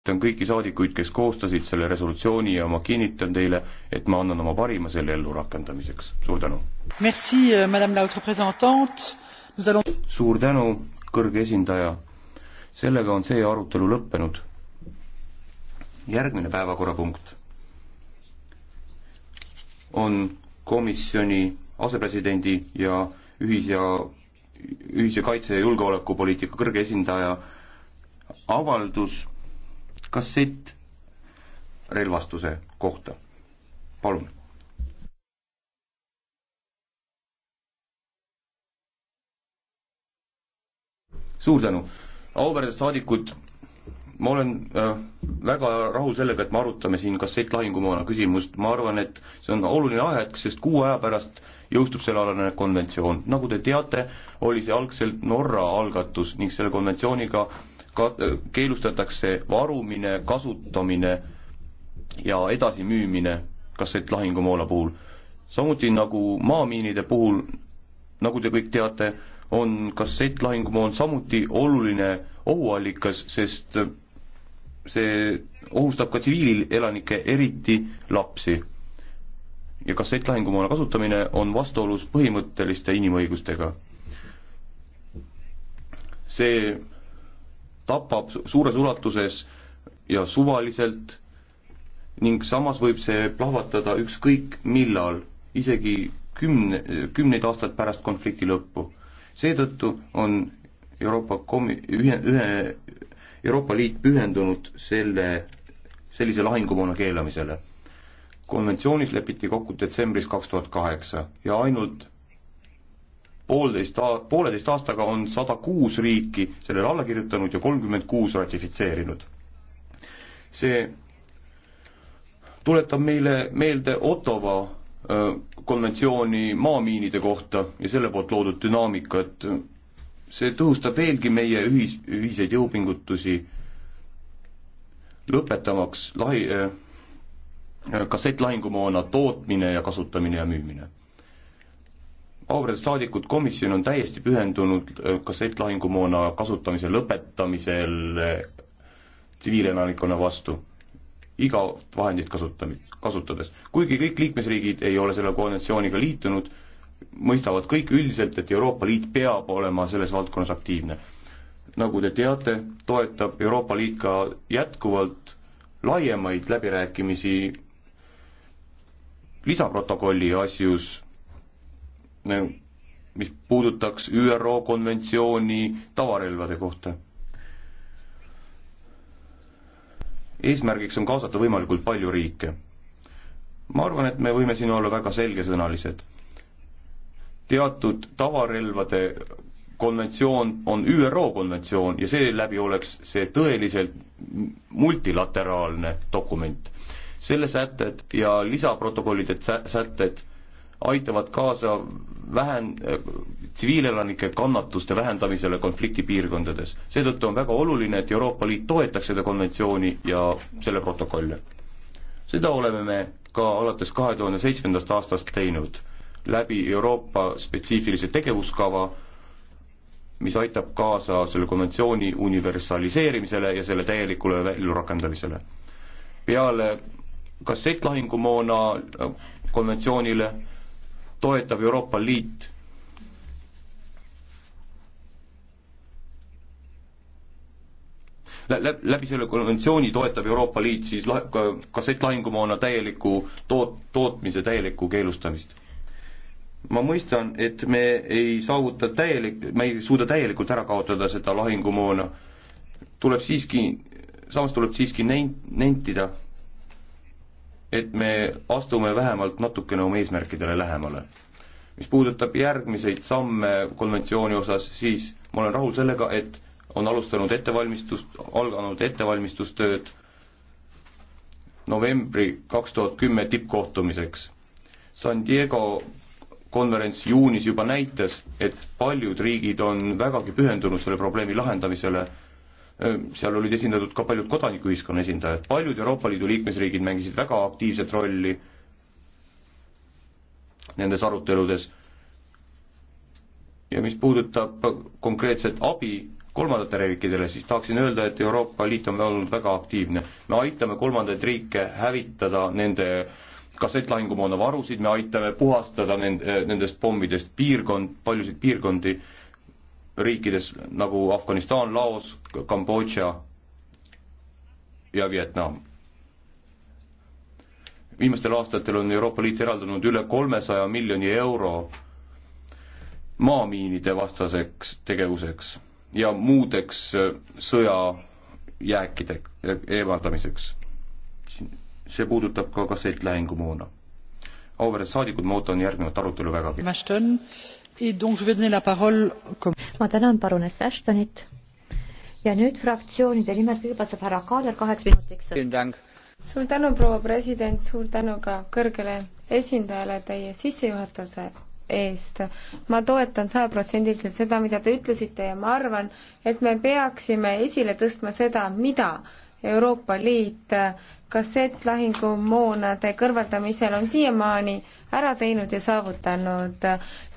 tänan kõiki saadikuid, kes koostasid selle resolutsiooni ja ma kinnitan teile, et ma annan oma parima selle ellurakendamiseks. suur tänu! Euh, allons... suur tänu, kõrge esindaja! sellega on see arutelu lõppenud. järgmine päevakorrapunkt on komisjoni asepresidendi ja ühis- ja, ühise kaitse- ja julgeolekupoliitika kõrge esindaja avaldus kassett relvastuse kohta. palun. suur tänu, auväärsed saadikud, ma olen äh, väga rahul sellega, et me arutame siin kassettlahingumoona küsimust, ma arvan, et see on oluline aeg, sest kuu aja pärast jõustub sellealane konventsioon. nagu te teate, oli see algselt Norra algatus ning selle konventsiooniga äh, ka-, keelustatakse varumine, kasutamine ja edasimüümine kassettlahingumoona puhul. samuti nagu maamiinide puhul, nagu te kõik teate, on kassettlahingumoon samuti oluline ohuallikas, sest see ohustab ka tsiviilelanikke, eriti lapsi. ja kassettlahingumoona kasutamine on vastuolus põhimõtteliste inimõigustega. see tapab suures ulatuses ja suvaliselt ning samas võib see plahvatada ükskõik millal, isegi kümne, kümneid aastaid pärast konflikti lõppu. seetõttu on Euroopa komi-, ühe, ühe, Euroopa Liit pühendunud selle, sellise lahingumoona keelamisele. konventsioonis lepiti kokku detsembris kaks tuhat kaheksa ja ainult poolteist, pooleteist aastaga on sada kuus riiki sellele alla kirjutanud ja kolmkümmend kuus ratifitseerinud. see tuletab meile meelde Ottawa konventsiooni maamiinide kohta ja selle poolt loodud dünaamikat, see tõhustab veelgi meie ühis, ühiseid jõupingutusi lõpetamaks lahi- äh,, kassettlahingumoona tootmine ja kasutamine ja müümine auväärsed saadikud, komisjon on täiesti pühendunud äh, kassettlahingumoona kasutamise lõpetamisel äh, tsiviilelanikkonna vastu, iga vahendit kasutam-, kasutades. kuigi kõik liikmesriigid ei ole selle konventsiooniga liitunud, mõistavad kõik üldiselt, et Euroopa Liit peab olema selles valdkonnas aktiivne. nagu te teate, toetab Euroopa Liit ka jätkuvalt laiemaid läbirääkimisi lisaprotokolli asjus mis puudutaks ÜRO konventsiooni tavarelvade kohta. eesmärgiks on kaasata võimalikult palju riike. ma arvan, et me võime siin olla väga selgesõnalised. teatud tavarelvade konventsioon on ÜRO konventsioon ja seeläbi oleks see tõeliselt multilateraalne dokument. selle sätted ja lisaprotokollide sätted aitavad kaasa vähen-, tsiviilelanike kannatuste vähendamisele konfliktipiirkondades. seetõttu on väga oluline, et Euroopa Liit toetaks seda konventsiooni ja selle protokolle. seda oleme me ka alates kahe tuhande seitsmendast aastast teinud läbi Euroopa spetsiifilise tegevuskava, mis aitab kaasa selle konventsiooni universaliseerimisele ja selle täielikule väljurakendamisele. peale kassettlahingumoona konventsioonile toetab Euroopa Liit. Läb-, läbi selle konventsiooni toetab Euroopa Liit siis la-, ka kassettlahingumoona täieliku toot-, tootmise täielikku keelustamist. ma mõistan, et me ei saavuta täielik, me ei suuda täielikult ära kaotada seda lahingumoona, tuleb siiski, samas tuleb siiski nen-, nentida, et me astume vähemalt natukene oma eesmärkidele lähemale. mis puudutab järgmiseid samme konventsiooni osas, siis ma olen rahul sellega, et on alustanud ettevalmistust, alganud ettevalmistustööd novembri kaks tuhat kümme tippkohtumiseks. San Diego konverents juunis juba näitas, et paljud riigid on vägagi pühendunud selle probleemi lahendamisele Äh, seal olid esindatud ka paljud kodanikuühiskonna esindajad, paljud Euroopa Liidu liikmesriigid mängisid väga aktiivset rolli nendes aruteludes ja mis puudutab konkreetset abi kolmandatele riikidele, siis tahaksin öelda, et Euroopa Liit on olnud väga aktiivne. me aitame kolmandaid riike hävitada nende kassettlahingumoona varusid, me aitame puhastada nend-, nendest pommidest piirkond, paljusid piirkondi äh, riikides nagu Afganistan, Laos, Kambodža ja Vietnam. viimastel aastatel on Euroopa Liit eraldanud üle kolmesaja miljoni euro maamiinide vastaseks tegevuseks ja muudeks äh, sõjajääkide e-, eemaldamiseks. see puudutab ka kassettlahingumoona auväärsed saadikud, ma ootan järgnevat arutelu vägagi. ma tänan paruness Ashtonit ja nüüd fraktsioonide nimel kõigepealt saab härra Kaaler kaheks minutiks. suur tänu, proua president, suur tänu ka kõrgele esindajale teie sissejuhatuse eest. ma toetan sajaprotsendiliselt seda, mida te ütlesite ja ma arvan, et me peaksime esile tõstma seda, mida Euroopa Liit kassettlahingumoonade kõrvaldamisel on siiamaani ära teinud ja saavutanud.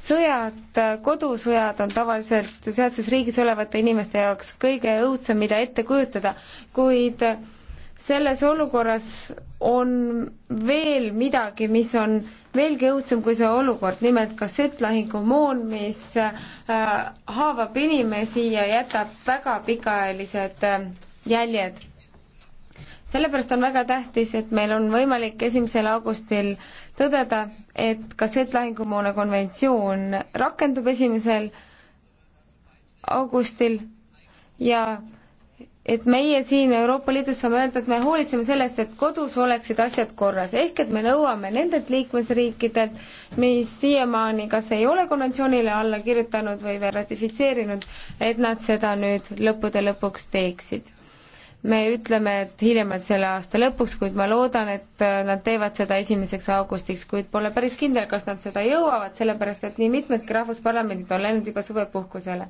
sõjad, kodusõjad on tavaliselt sealses riigis olevate inimeste jaoks kõige õudsem, mida ette kujutada, kuid selles olukorras on veel midagi, mis on veelgi õudsem kui see olukord, nimelt kassettlahingumoon, mis äh, haavab inimesi ja jätab väga pikaajalised äh, jäljed sellepärast on väga tähtis, et meil on võimalik esimesel augustil tõdeda, et kassettlahingumoona konventsioon rakendub esimesel augustil ja et meie siin Euroopa Liidus saame öelda, et me hoolitseme sellest, et kodus oleksid asjad korras, ehk et me nõuame nendelt liikmesriikidelt, mis siiamaani kas ei ole konventsioonile alla kirjutanud või veel ratifitseerinud, et nad seda nüüd lõppude lõpuks teeksid me ütleme, et hiljemalt selle aasta lõpuks, kuid ma loodan, et äh, nad teevad seda esimeseks augustiks, kuid pole päris kindel, kas nad seda jõuavad, sellepärast et nii mitmedki rahvusparlamendid on läinud juba suvepuhkusele.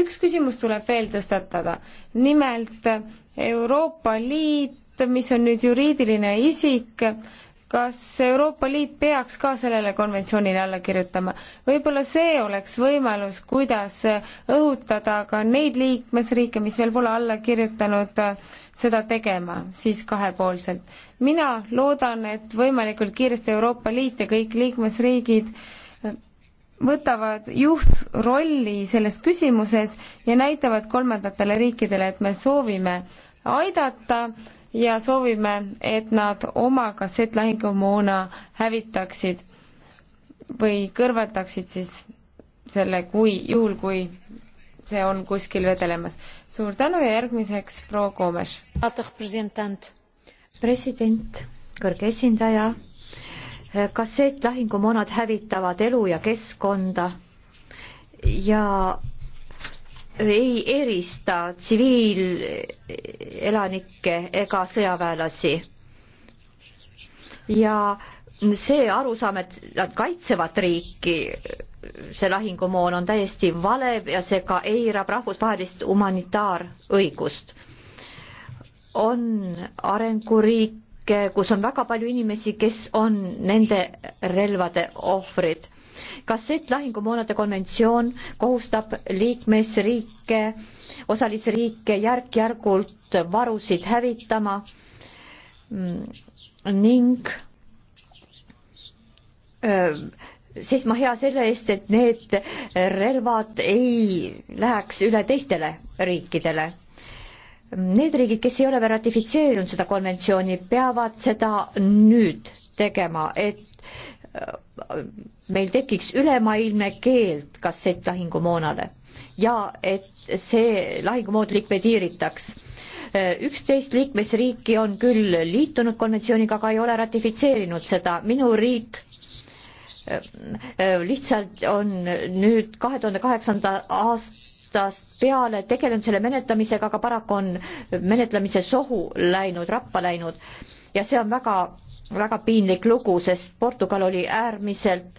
üks küsimus tuleb veel tõstatada, nimelt äh, Euroopa Liit, mis on nüüd juriidiline isik, kas Euroopa Liit peaks ka sellele konventsioonile alla kirjutama? võib-olla see oleks võimalus, kuidas õhutada ka neid liikmesriike, mis veel pole alla kirjutanud, seda tegema siis kahepoolselt. mina loodan, et võimalikult kiiresti Euroopa Liit ja kõik liikmesriigid võtavad juhtrolli selles küsimuses ja näitavad kolmandatele riikidele, et me soovime aidata ja soovime, et nad oma kassettlahingumoona hävitaksid või kõrvaldaksid siis selle, kui, juhul kui see on kuskil vedelemas. suur tänu ja järgmiseks proua Koomes. president, president, kõrge esindaja, kassettlahingumoonad hävitavad elu ja keskkonda ja ei erista tsiviilelanikke ega sõjaväelasi. ja see arusaam, et nad kaitsevad riiki, see lahingumoon on täiesti vale ja see ka eirab rahvusvahelist humanitaarõigust. on arenguriike, kus on väga palju inimesi, kes on nende relvade ohvrid kassettlahingumoonade konventsioon kohustab liikmesriike, osalisriike järk-järgult varusid hävitama mm, ning seisma hea selle eest, et need relvad ei läheks üle teistele riikidele need riigid, kes ei ole veel ratifitseerinud seda konventsiooni, peavad seda nüüd tegema, et meil tekiks ülemaailmne keeld kassettlahingumoonale ja et see lahingumood likvideeritaks. üksteist liikmesriiki on küll liitunud konventsiooniga, aga ei ole ratifitseerinud seda, minu riik äh, lihtsalt on nüüd kahe tuhande kaheksanda aastast peale tegelenud selle menetlemisega, aga paraku on menetlemise sohu läinud, rappa läinud ja see on väga väga piinlik lugu, sest Portugal oli äärmiselt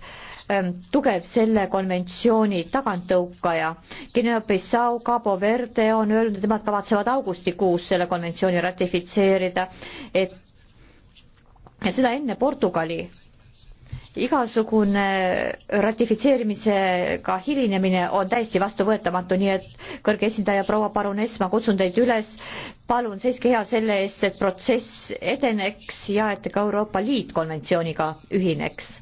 ähm, tugev selle konventsiooni taganttõukaja. Guinea-Bissau, Cabo Verde on öelnud, et nemad kavatsevad augustikuus selle konventsiooni ratifitseerida, et ja seda enne Portugali igasugune ratifitseerimisega hilinemine on täiesti vastuvõetamatu, nii et kõrge esindaja proua paruness, ma kutsun teid üles, palun seiske hea selle eest, et protsess edeneks ja et ka Euroopa Liit konventsiooniga ühineks.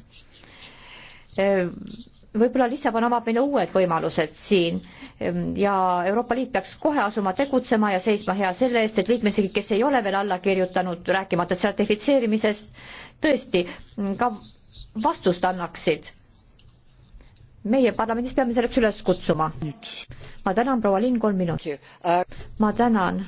võib-olla Lissabon avab meile uued võimalused siin ja Euroopa Liit peaks kohe asuma tegutsema ja seisma hea selle eest, et liikmesriigid, kes ei ole veel alla kirjutanud, rääkimata ratifitseerimisest, tõesti ka vastust annaksid. meie parlamendis peame selleks üles kutsuma. ma tänan, proua Linn, kolm minutit. Uh, ma tänan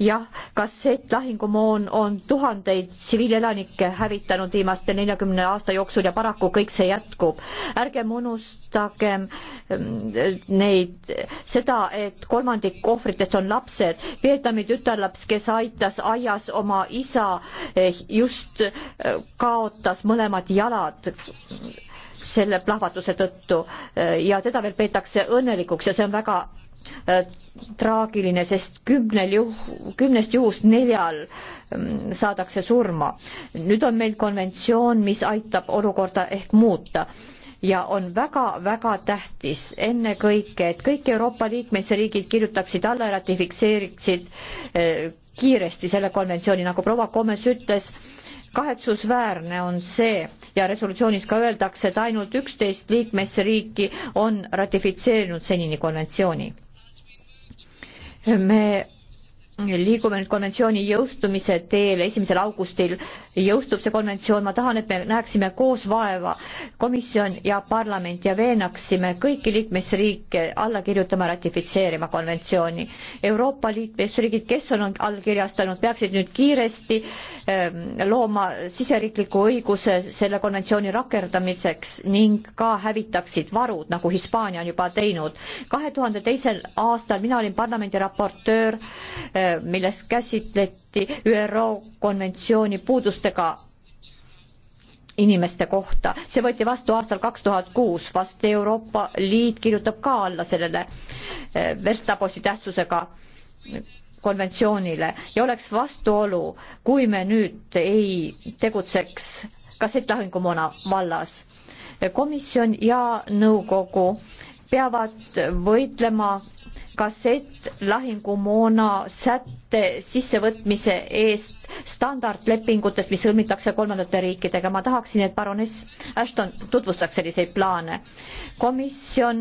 jah, kassettlahingumoon on tuhandeid tsiviilelanikke hävitanud viimaste neljakümne aasta jooksul ja paraku kõik see jätkub. ärgem unustagem ähm, neid, seda, et kolmandik ohvritest on lapsed. Vietnami tütarlaps, kes aitas aias oma isa, eh, just äh, kaotas mõlemad jalad selle plahvatuse tõttu äh, ja teda veel peetakse õnnelikuks ja see on väga traagiline, sest kümnel juh-, kümnest juhust neljal mm, saadakse surma. nüüd on meil konventsioon, mis aitab olukorda ehk muuta ja on väga-väga tähtis ennekõike, et kõik Euroopa liikmesriigid kirjutaksid alla ja ratifitseeriksid eh, kiiresti selle konventsiooni, nagu proua Komes ütles, kahetsusväärne on see ja resolutsioonis ka öeldakse, et ainult üksteist liikmesriiki on ratifitseerinud senini konventsiooni me liigume nüüd konventsiooni jõustumise teel, esimesel augustil jõustub see konventsioon, ma tahan, et me näeksime koos vaeva, komisjon ja parlament ja veenaksime kõiki liikmesriike alla kirjutama, ratifitseerima konventsiooni. Euroopa liikmesriigid, kes on allkirjastanud, peaksid nüüd kiiresti ähm, looma siseriikliku õiguse selle konventsiooni rakendamiseks ning ka hävitaksid varud, nagu Hispaania on juba teinud. kahe tuhande teisel aastal mina olin parlamendi raportöör äh, milles käsitleti ÜRO konventsiooni puudustega inimeste kohta. see võeti vastu aastal kaks tuhat kuus, vast Euroopa Liit kirjutab ka alla sellele eh, verstaposti tähtsusega konventsioonile ja oleks vastuolu, kui me nüüd ei tegutseks kassettlahingumuna vallas. komisjon ja nõukogu peavad võitlema kassettlahingumoona sätte sissevõtmise eest standardlepingutest, mis sõlmitakse kolmandate riikidega. ma tahaksin, et baroness Ashton tutvustaks selliseid plaane. komisjon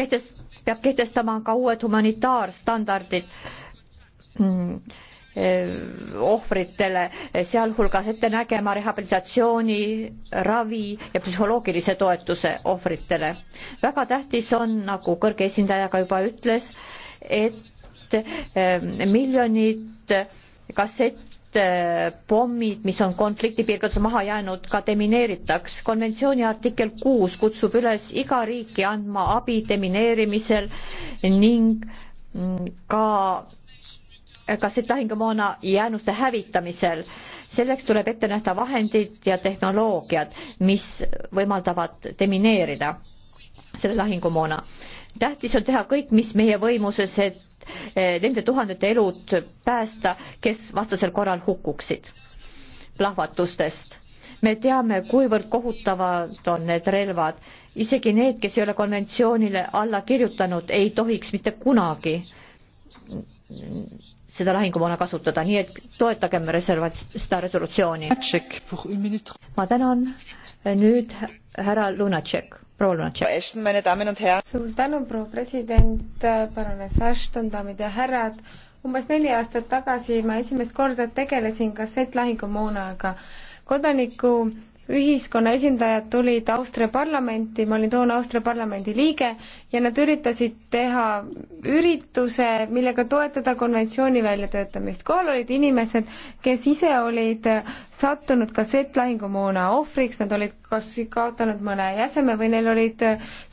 kehtest-, peab kehtestama ka uued humanitaarstandardid mm ohvritele, sealhulgas ette nägema rehabilitatsiooni, ravi ja psühholoogilise toetuse ohvritele. väga tähtis on, nagu kõrge esindaja ka juba ütles, et ähm, miljonid kassettpommid, äh, mis on konfliktipiirkondades maha jäänud, ka demineeritaks. konventsiooni artikkel kuus kutsub üles iga riiki andma abi demineerimisel ning ka ka seda lahingumoona jäänuste hävitamisel. selleks tuleb ette nähta vahendid ja tehnoloogiad, mis võimaldavad demineerida selle lahingumoona. tähtis on teha kõik, mis meie võimuses, et eh, nende tuhandete elud päästa, kes vastasel korral hukkuksid plahvatustest. me teame, kuivõrd kohutavad on need relvad. isegi need, kes ei ole konventsioonile alla kirjutanud, ei tohiks mitte kunagi seda lahingumoona kasutada, nii et toetagem reserva-, seda resolutsiooni. ma tänan nüüd härra Lunatšek, proua Lunatšek. suur tänu, proua president, baroness Ashton, daamid ja härrad. umbes neli aastat tagasi ma esimest korda tegelesin kassettlahingumoonaga. kodaniku ühiskonna esindajad tulid Austria parlamenti, ma olin toona Austria parlamendi liige, ja nad üritasid teha ürituse, millega toetada konventsiooni väljatöötamist. kohal olid inimesed, kes ise olid sattunud kassettlahingumoona ohvriks, nad olid kas kaotanud mõne jäseme või neil olid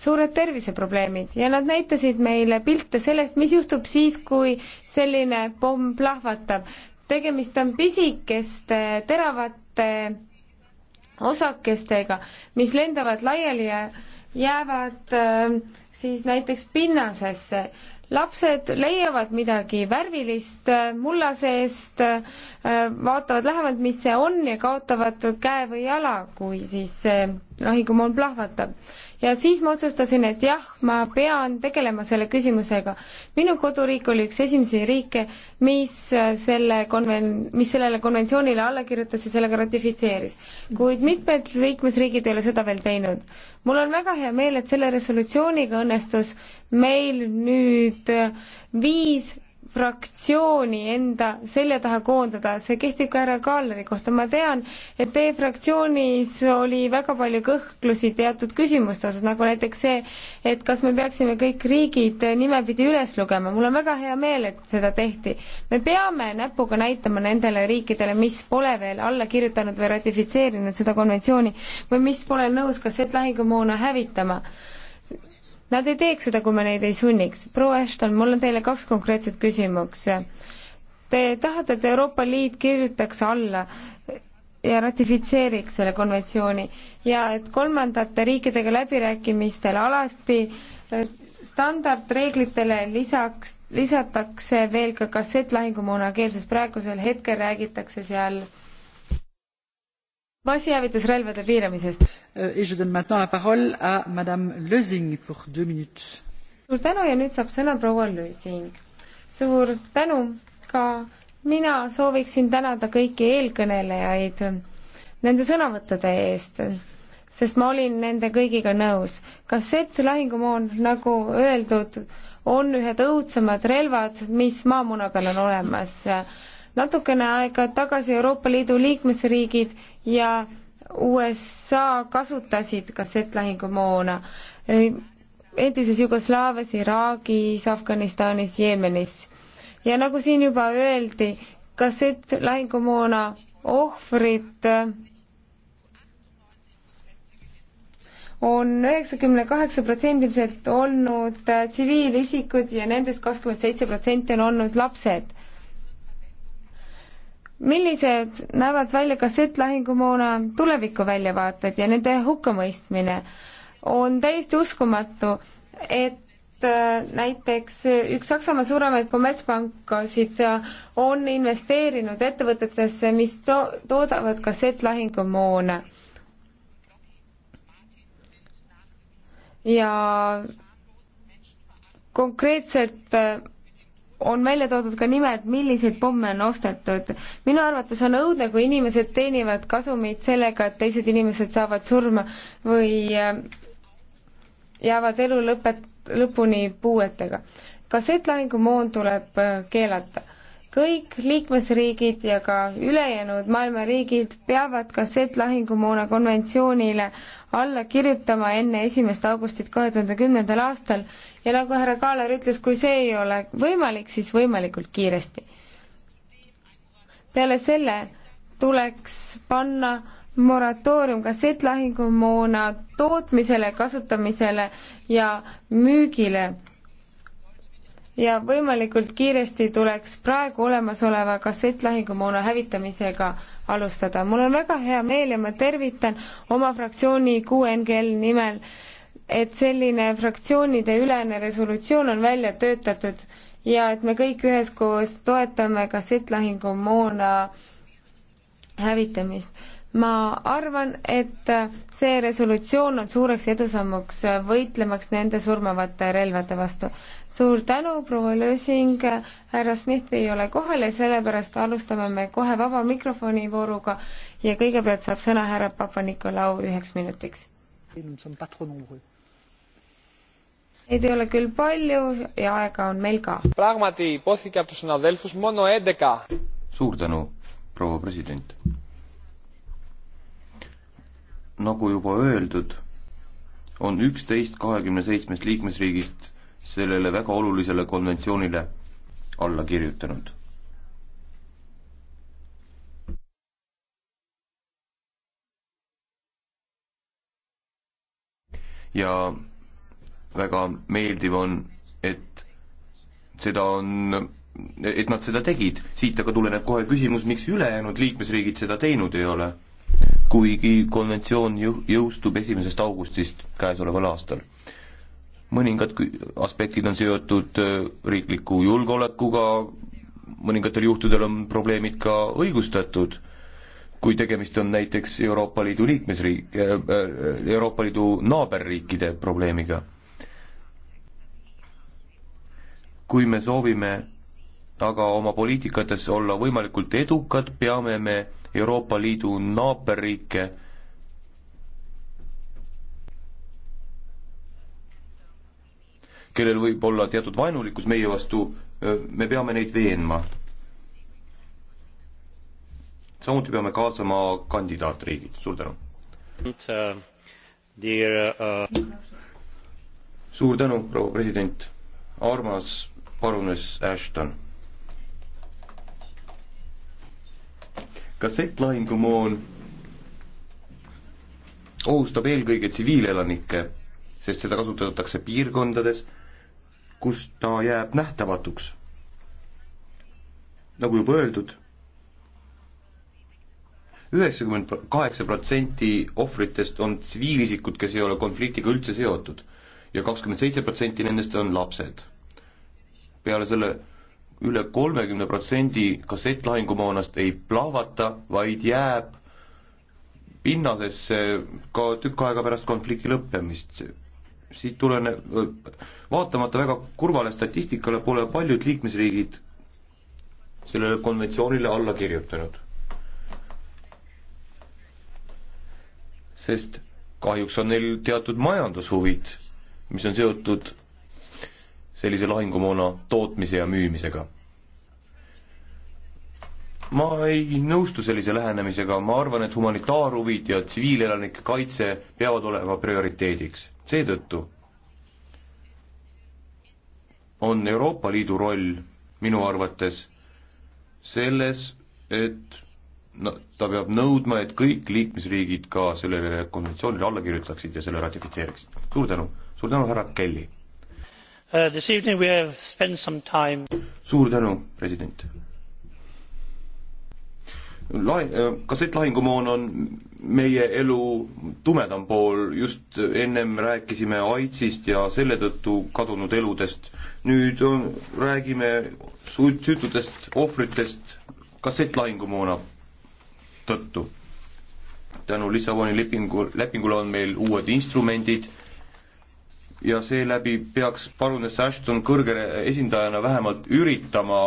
suured terviseprobleemid ja nad näitasid meile pilte sellest, mis juhtub siis, kui selline pomm plahvatab. tegemist on pisikeste teravate osakestega, mis lendavad laiali ja jäävad äh, siis näiteks pinnasesse. lapsed leiavad midagi värvilist äh, mulla seest äh,, vaatavad lähemalt, mis see on ja kaotavad käe või jala, kui siis see lahingumoon plahvatab ja siis ma otsustasin, et jah, ma pean tegelema selle küsimusega. minu koduriik oli üks esimesi riike, mis selle konven-, mis sellele konventsioonile alla kirjutas ja sellega ratifitseeris. kuid mitmed liikmesriigid ei ole seda veel teinud. mul on väga hea meel, et selle resolutsiooniga õnnestus meil nüüd viis fraktsiooni enda selja taha koondada, see kehtib ka härra Kaalleri kohta, ma tean, et teie fraktsioonis oli väga palju kõhklusi teatud küsimuste osas, nagu näiteks see, et kas me peaksime kõik riigid nimepidi üles lugema, mul on väga hea meel, et seda tehti. me peame näpuga näitama nendele riikidele, mis pole veel alla kirjutanud või ratifitseerinud seda konventsiooni või mis pole nõus ka setlahingumoona hävitama Nad ei teeks seda, kui me neid ei sunniks. proua Ashton, mul on teile kaks konkreetset küsimuks. Te tahate, et Euroopa Liit kirjutaks alla ja ratifitseeriks selle konventsiooni ja et kolmandate riikidega läbirääkimistel alati eh, standardreeglitele lisaks, lisatakse veel ka kassettlahingumoona keel, sest praegusel hetkel räägitakse seal äh, massihävitusrelvade piiramisest. Euh, suur tänu ja nüüd saab sõna proua Lösing. suur tänu ka mina sooviksin tänada kõiki eelkõnelejaid nende sõnavõttude eest, sest ma olin nende kõigiga nõus. kassett, lahingumoon, nagu öeldud, on ühed õudsemad relvad, mis maamuna peal on olemas natukene aega tagasi Euroopa Liidu liikmesriigid ja USA kasutasid kassettlahingumoona endises Jugoslaavias, Iraagis, Afganistanis, Jeemenis. ja nagu siin juba öeldi, kassettlahingumoona ohvrid on üheksakümne kaheksa protsendiliselt olnud äh, tsiviilisikud ja nendest kakskümmend seitse protsenti on olnud lapsed millised näevad välja kassettlahingumoona tulevikuväljavaated ja nende hukkamõistmine on täiesti uskumatu, et äh, näiteks üks Saksamaa suuremaid kommertspankasid äh, on investeerinud ettevõtetesse, mis to-, toodavad kassettlahingumoona. ja konkreetselt äh, on välja toodud ka nimed, milliseid pomme on ostetud. minu arvates on õudne, kui inimesed teenivad kasumit sellega, et teised inimesed saavad surma või äh, jäävad elu lõpet, lõpuni puuetega. kassettlahingumoon tuleb äh, keelata kõik liikmesriigid ja ka ülejäänud maailma riigid peavad kassettlahingumoona konventsioonile alla kirjutama enne esimest augustit kahe tuhande kümnendal aastal ja nagu härra Kaaler ütles, kui see ei ole võimalik, siis võimalikult kiiresti. peale selle tuleks panna moratoorium kassettlahingumoona tootmisele, kasutamisele ja müügile ja võimalikult kiiresti tuleks praegu olemasoleva kassettlahingumoona hävitamisega alustada. mul on väga hea meel ja ma tervitan oma fraktsiooni QNGL nimel, et selline fraktsioonide ülene resolutsioon on välja töötatud ja et me kõik üheskoos toetame kassettlahingumoona hävitamist ma arvan, et see resolutsioon on suureks edusammuks võitlemaks nende surmavate relvade vastu. suur tänu, proua Lösing, härra Smith ei ole kohal ja sellepärast alustame me kohe vaba mikrofoni vooruga ja kõigepealt saab sõna härra Papa-Nikolau üheks minutiks. Neid ei ole küll palju ja aega on meil ka. suur tänu, proua president nagu juba öeldud, on üksteist kahekümne seitsmest liikmesriigist sellele väga olulisele konventsioonile alla kirjutanud ja väga meeldiv on, et seda on, et nad seda tegid. siit aga tuleneb kohe küsimus, miks ülejäänud liikmesriigid seda teinud ei ole kuigi konventsioon jõustub esimesest augustist käesoleval aastal. mõningad aspektid on seotud äh, riikliku julgeolekuga, mõningatel juhtudel on probleemid ka õigustatud, kui tegemist on näiteks Euroopa Liidu liikmesriik, äh, äh, Euroopa Liidu naaberriikide probleemiga. kui me soovime aga oma poliitikates olla võimalikult edukad, peame me Euroopa Liidu naaberriike kellel võib olla teatud vaenulikkus meie vastu, me peame neid veenma. samuti peame kaasama kandidaatriigid, suur tänu. Uh, suur tänu, proua president, armas parunes Ashton kassettlahingumoon ohustab eelkõige tsiviilelanikke, sest seda kasutatakse piirkondades, kus ta jääb nähtamatuks. nagu juba öeldud, üheksakümmend kaheksa protsenti ohvritest on tsiviilisikud, kes ei ole konfliktiga üldse seotud ja kakskümmend seitse protsenti nendest on lapsed. peale selle üle kolmekümne protsendi kassettlahingumoonast ei plahvata, vaid jääb pinnasesse ka tükk aega pärast konflikti lõppemist. siit tuleneb, vaatamata väga kurvale statistikale, pole paljud liikmesriigid sellele konventsioonile alla kirjutanud. sest kahjuks on neil teatud majandushuvid, mis on seotud sellise lahingumoona tootmise ja müümisega. ma ei nõustu sellise lähenemisega, ma arvan, et humanitaarhuvid ja tsiviilelanike kaitse peavad olema prioriteediks, seetõttu on Euroopa Liidu roll minu arvates selles, et no ta peab nõudma, et kõik liikmesriigid ka sellele konventsioonile alla kirjutaksid ja selle ratifitseeriksid. suur tänu, suur tänu, härra Kelly! Uh, this evening we have spent some time suur tänu, president. lae-, äh, kassettlahingumoon on meie elu tumedam pool, just ennem rääkisime AIDSist ja selle tõttu kadunud eludest. nüüd on, räägime süütutest ohvritest kassettlahingumoona tõttu. tänu Lissaboni lepingu, lepingule on meil uued instrumendid ja seeläbi peaks parunes Ashton kõrge esindajana vähemalt üritama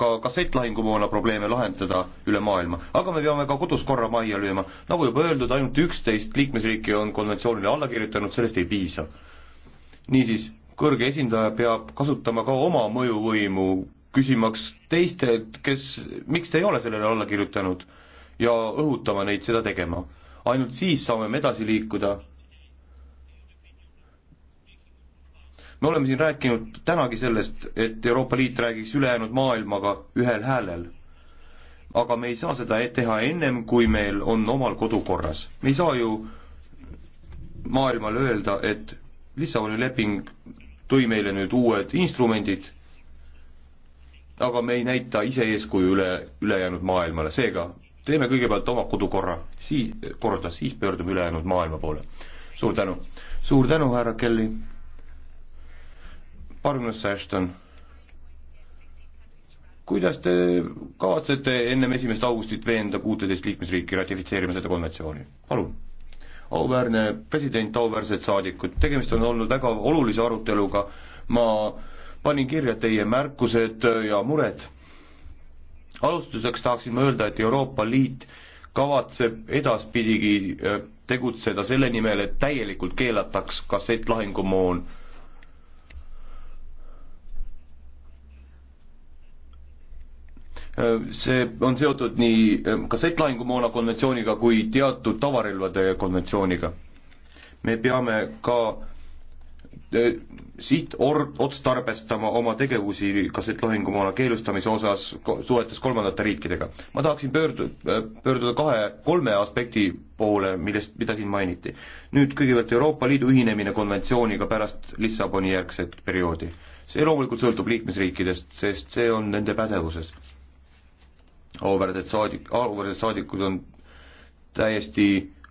ka kassettlahingumoona probleeme lahendada üle maailma. aga me peame ka kodus korra majja lööma. nagu juba öeldud, ainult üksteist liikmesriiki on konventsioonile alla kirjutanud, sellest ei piisa. niisiis, kõrge esindaja peab kasutama ka oma mõjuvõimu, küsimaks teistelt, kes, miks te ei ole sellele alla kirjutanud ja õhutama neid seda tegema. ainult siis saame me edasi liikuda me oleme siin rääkinud tänagi sellest, et Euroopa Liit räägiks ülejäänud maailmaga ühel häälel. aga me ei saa seda e-, teha ennem, kui meil on omal kodu korras. me ei saa ju maailmale öelda, et Lissaboni leping tõi meile nüüd uued instrumendid, aga me ei näita ise eeskuju üle, ülejäänud maailmale, seega teeme kõigepealt oma kodukorra, sii-, korda, siis pöördume ülejäänud maailma poole. suur tänu. suur tänu, härra Kelly. Armlas Ashton, kuidas te kavatsete ennem esimest augustit veenda kuuteist liikmesriiki ratifitseerima seda konventsiooni? palun. auväärne president, auväärsed saadikud, tegemist on olnud väga olulise aruteluga, ma panin kirja teie märkused ja mured. alustuseks tahaksin ma öelda, et Euroopa Liit kavatseb edaspidigi äh, tegutseda selle nimel, et täielikult keelataks kassettlahingumoon see on seotud nii eh, kassettlahingumoona konventsiooniga kui teatud tavarelvade konventsiooniga. me peame ka eh, siit or-, otstarbestama oma tegevusi kassettlahingumoona keelustamise osas suhetes kolmandate riikidega. ma tahaksin pöördu-, eh, pöörduda kahe, kolme aspekti poole, millest, mida siin mainiti. nüüd kõigepealt Euroopa Liidu ühinemine konventsiooniga pärast Lissaboni järgset perioodi. see loomulikult sõltub liikmesriikidest, sest see on nende pädevuses auväärsed saadik, auväärsed saadikud on täiesti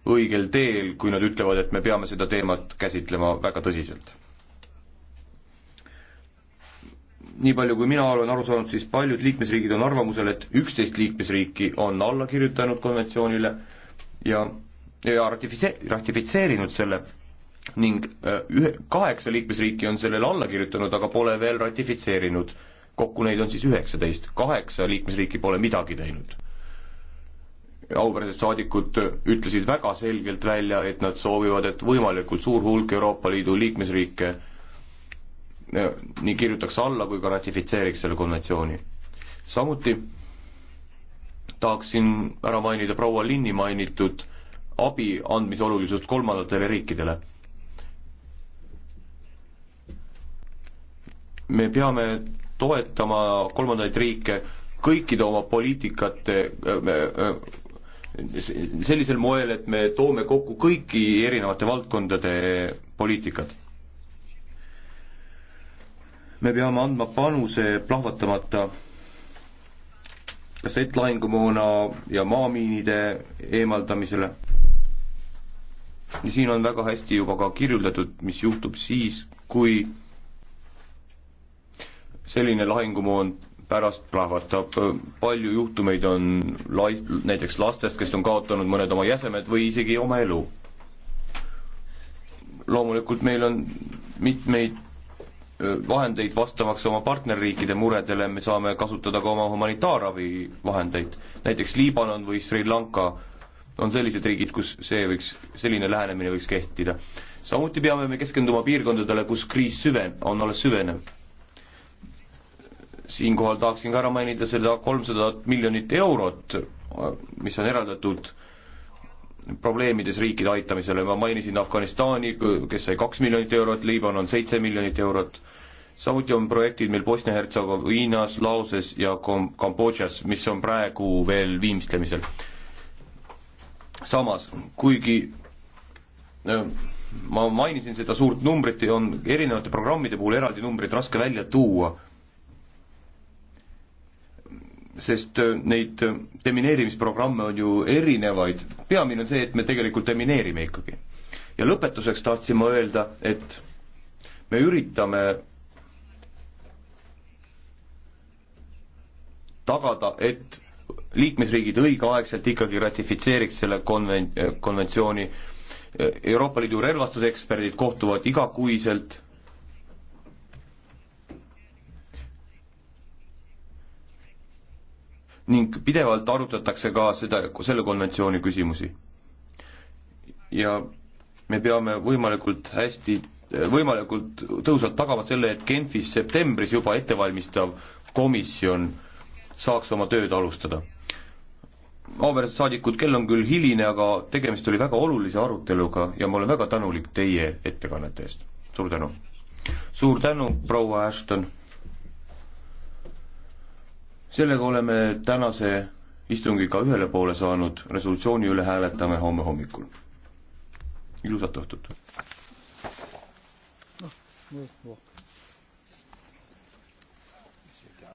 õigel teel, kui nad ütlevad, et me peame seda teemat käsitlema väga tõsiselt. nii palju, kui mina olen aru saanud, siis paljud liikmesriigid on arvamusel, et üksteist liikmesriiki on alla kirjutanud konventsioonile ja, ja ratifitse-, ratifitseerinud selle ning äh, ühe, kaheksa liikmesriiki on sellele alla kirjutanud, aga pole veel ratifitseerinud äh, kokku neid on siis üheksateist, kaheksa liikmesriiki pole midagi teinud. auväärsed saadikud ütlesid väga selgelt välja, et nad soovivad, et võimalikult suur hulk Euroopa Liidu liikmesriike eh, nii kirjutaks alla kui ka ratifitseeriks selle konventsiooni. samuti tahaksin ära mainida proua Linni mainitud abi andmise olulisust kolmandatele riikidele. me peame toetama kolmandaid riike kõikide oma poliitikate äh, äh, sellisel moel, et me toome kokku kõiki erinevate valdkondade poliitikad. me peame andma panuse plahvatamata kassettlahingumoona ja maamiinide eemaldamisele. ja siin on väga hästi juba ka kirjeldatud, mis juhtub siis, kui selline lahingumoon pärast plahvatab, palju juhtumeid on lai-, näiteks lastest, kes on kaotanud mõned oma jäsemed või isegi oma elu. loomulikult meil on mitmeid vahendeid vastamaks oma partnerriikide muredele, me saame kasutada ka oma humanitaarabi vahendeid. näiteks Liibanon või Sri Lanka on sellised riigid, kus see võiks, selline lähenemine võiks kehtida. samuti peame me keskenduma piirkondadele, kus kriis süven-, on alles süvenev siinkohal tahaksin ka ära mainida seda kolmsada miljonit eurot, mis on eraldatud probleemides riikide aitamisele, ma mainisin Afganistani, kes sai kaks miljonit eurot, Liibanon seitse miljonit eurot, samuti on projektid meil Bosnia-Hertsegoviinas, Laoses ja Kom-, Kambodžas, mis on praegu veel viimistlemisel. samas, kuigi äh, ma mainisin seda suurt numbrit ja on erinevate programmide puhul eraldi numbreid raske välja tuua sest äh, neid äh, demineerimisprogramme on ju erinevaid, peamine on see, et me tegelikult demineerime ikkagi. ja lõpetuseks tahtsin ma öelda, et me üritame tagada, et liikmesriigid õigeaegselt ikkagi ratifitseeriks selle konven-, konventsiooni, Euroopa Liidu relvastuseksperdid kohtuvad igakuiselt ning pidevalt arutatakse ka seda, selle konventsiooni küsimusi. ja me peame võimalikult hästi, võimalikult tõhusalt tagama selle, et Genfis septembris juba ettevalmistav komisjon saaks oma tööd alustada. auväärsed saadikud, kell on küll hiline, aga tegemist oli väga olulise aruteluga ja ma olen väga tänulik teie ettekannete eest. suur tänu! suur tänu, proua Ashton! sellega oleme tänase istungiga ühele poole saanud, resolutsiooni üle hääletame homme hommikul. ilusat õhtut! noh, noh, noh.